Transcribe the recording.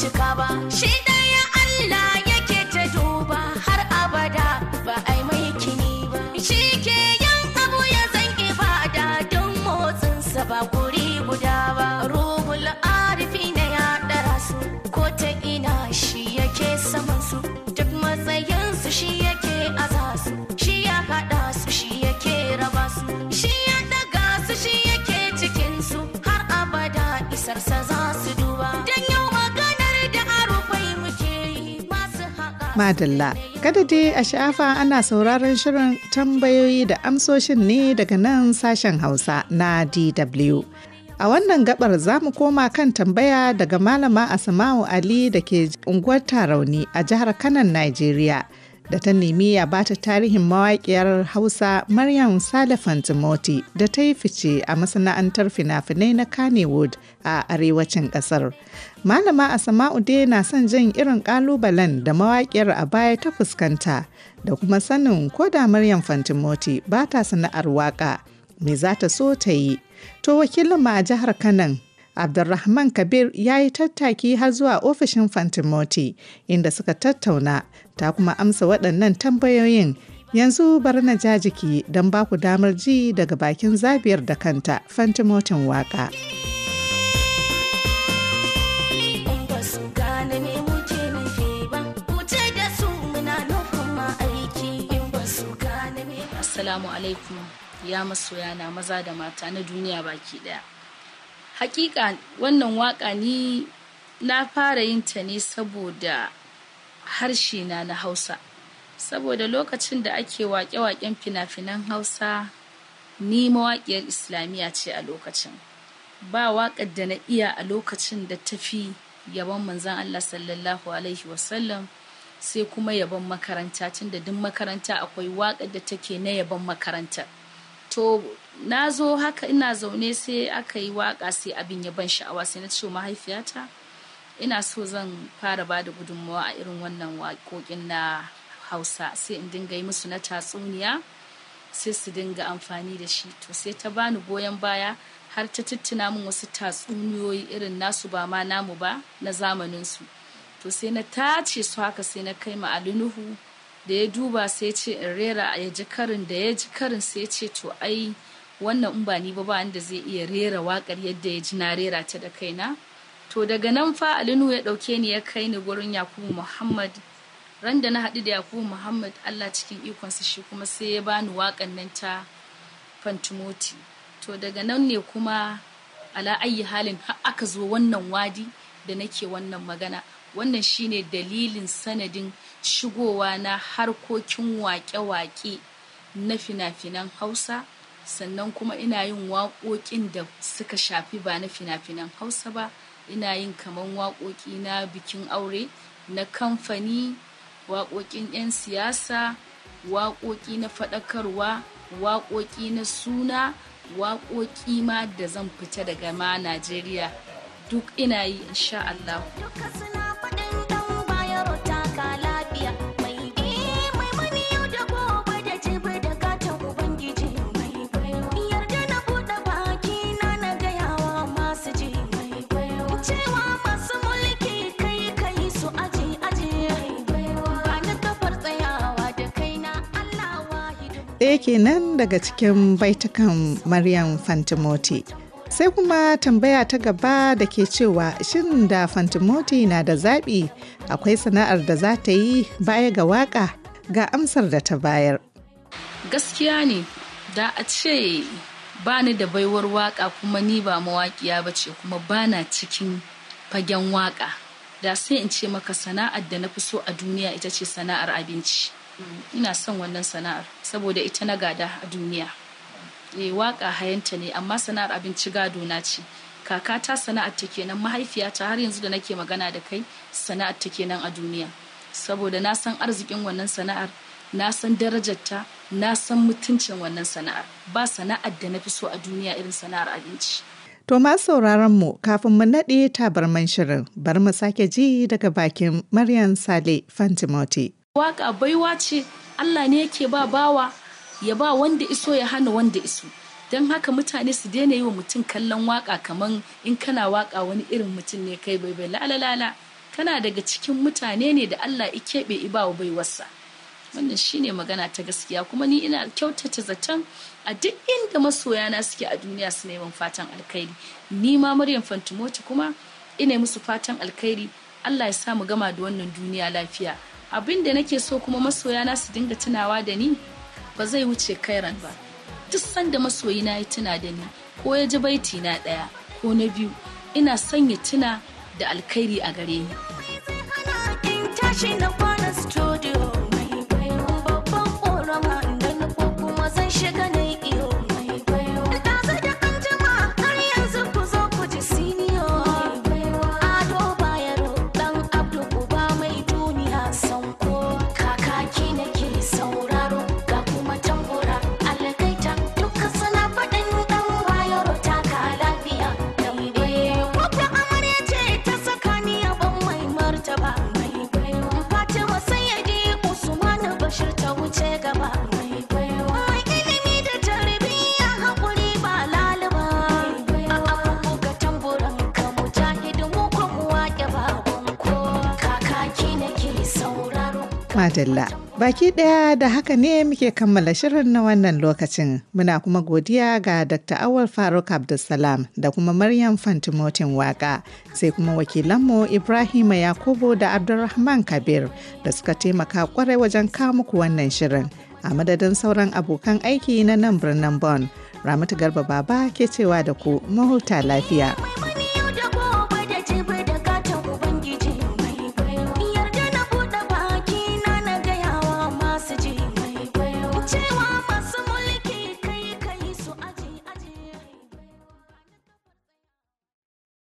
cika ba shi daya Allah yake ta duba har abada ba ai mai kini ba shi ke yan abu ya zan ibada don motsinsa ba guri guda ba ruhul arifi ne Madalla. Kada dai a sha'afa ana sauraron shirin tambayoyi da amsoshin ne daga nan sashen Hausa na DW. A wannan gabar za mu koma kan tambaya daga Malama Asma'u Ali da ke unguwar Tarauni a jihar Kanan, Najeriya. da ta nemi ya bata tarihin mawaƙiyar Hausa Maryam Salafan Timoti da ta yi fice a masana'antar fina-finai na Kannywood a arewacin ƙasar. Malama Asama'u dai na son jin irin ƙalubalen da mawaƙiyar a baya ta fuskanta da kuma sanin ko da Maryam Fantimoti ba ta sana'ar waƙa me za ta so ta yi. To wakilin ma a jihar Kanan Abdulrahman Kabir ya yi tattaki har zuwa ofishin Fantimoti inda suka tattauna ta kuma amsa waɗannan tambayoyin. Yanzu bari na jajiki don ba ku damar ji daga bakin zabiyar da kanta Fantimotin waƙa. Assalamu alaikum ya masoya na maza da mata na duniya baki ɗaya. hakika wannan waka ni na fara yin ta ne saboda harshe na na hausa saboda lokacin da ake wake-waken fina-finan hausa ni mawaƙiyar islamiyya ce a lokacin ba waƙar da na iya a lokacin da tafi yabon manzan allah sallallahu alaihi wasallam sai kuma yabon makaranta tunda duk makaranta akwai waƙar da take na yabon makarantar so na zo haka ina zaune sai aka yi waka sai abin ya ban sha'awa sai na ce mahaifiyata ina so zan fara ba da gudunmawa a irin wannan waƙoƙin na hausa sai in dinga yi musu na tatsuniya sai su dinga amfani da shi to sai ta bani goyon baya har ta tattuna min wasu tatsuniyoyi irin nasu ba ma namu ba na zamaninsu to sai na tace su haka sai na kai ma alinuhu da ya duba sai ce in rera ya ji karin da ya ji karin sai ce to ai wannan in ba ni ba wanda da zai iya rera wakar yadda ya ji na rera ta da kaina to daga nan fa alinu ya ɗauke ni ya kai ni gurin yakubu muhammad ran da na haɗu da yakubu muhammad allah cikin ikonsa shi kuma sai ya bani waƙan nan ta fantimoti to daga nan ne kuma ala ayi halin har aka zo wannan wadi da nake wannan magana wannan shine dalilin sanadin shigowa na harkokin waƙe-waƙe na fina-finan hausa sannan kuma ina yin waƙoƙin da suka shafi ba na fina-finan hausa ba ina yin kamar waƙoƙi na bikin aure na kamfani waƙoƙin 'yan siyasa waƙoƙi na faɗakarwa waƙoƙi na suna waƙoƙi ma da zan fita daga ma najeriya duk ina yi insha Allah. ɗaya kenan daga cikin baitukan Maryam Fantimoti. Sai kuma tambaya ta gaba da ke cewa shin da Fantimoti na da zaɓi akwai sana'ar da za ta yi baya ga waƙa ga amsar da ta bayar. Gaskiya ne da a ce ba ni da baiwar waƙa kuma ni ba mawaƙiya ba ce kuma ba na cikin fagen waƙa. Da sai in ce maka sana'ar da na fi so a duniya ita ce sana'ar abinci. ina son wannan sana'ar saboda ita na gada a duniya e eh, waka hayanta ne amma sana'ar abinci gado na ce kakata sana'ar ta kenan mahaifiyata har yanzu da nake magana da kai sana'ar ta kenan a duniya saboda na san arzikin wannan sana'ar na san darajarta na san mutuncin wannan sana'ar ba sana'ar da na fi so a duniya irin sana'ar abinci To ma sauraron mu kafin mu naɗe tabarman shirin bar mu sake ji daga bakin Maryam Sale Fantimoti. waka baiwa ce Allah ne yake ba bawa ya ba wanda iso ya hana wanda iso don haka mutane su daina yi wa mutum kallon waka kaman in kana waka wani irin mutum ne kai bai bai la'ala kana daga cikin mutane ne da Allah ya keɓe ibawa baiwarsa wannan shine magana ta gaskiya kuma ni ina kyautata zaton a duk inda masoya na suke a duniya su neman fatan alkhairi ni ma Maryam Fantumoti kuma ina musu fatan alkhairi Allah ya sa mu gama da wannan duniya lafiya abin da nake so kuma masoya na su dinga tunawa da ni ba zai wuce kairan ba duk sanda masoyina ya tuna da ni ko ya ji baiti na ɗaya ko na biyu ina son ya tuna da alkhairi a gare ni shiga ne Madalla. Baki ɗaya da haka ne muke kammala shirin na wannan lokacin. Muna kuma godiya ga Dr. Awal Faruk Abdulsalam da kuma Maryam Fantimotin Waka, sai kuma wakilanmu ibrahim Yakubu da Abdulrahman Kabir da suka taimaka kwarai wajen muku wannan shirin. A madadin sauran abokan aiki na nan birnin Bon, Ramatu Garba Baba ke cewa da ku mahuta lafiya.